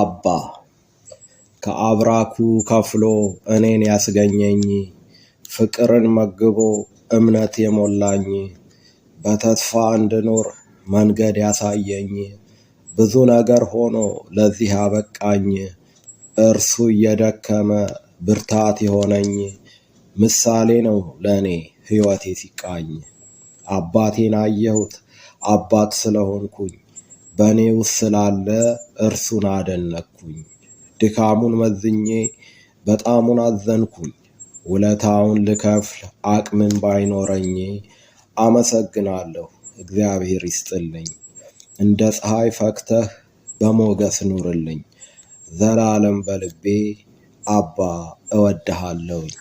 አባ ከአብራኩ ከፍሎ እኔን ያስገኘኝ ፍቅርን መግቦ እምነት የሞላኝ በተስፋ እንድኖር መንገድ ያሳየኝ ብዙ ነገር ሆኖ ለዚህ አበቃኝ እርሱ እየደከመ ብርታት የሆነኝ ምሳሌ ነው ለእኔ ሕይወቴ ሲቃኝ አባቴን አየሁት አባት ስለሆንኩኝ በእኔ ውስጥ ስላለ እርሱን አደነኩኝ ድካሙን መዝኜ በጣሙን አዘንኩኝ። ውለታውን ልከፍል አቅምን ባይኖረኝ አመሰግናለሁ። እግዚአብሔር ይስጥልኝ። እንደ ፀሐይ ፈክተህ በሞገስ ኑርልኝ። ዘላለም በልቤ አባ እወድሃለሁኝ።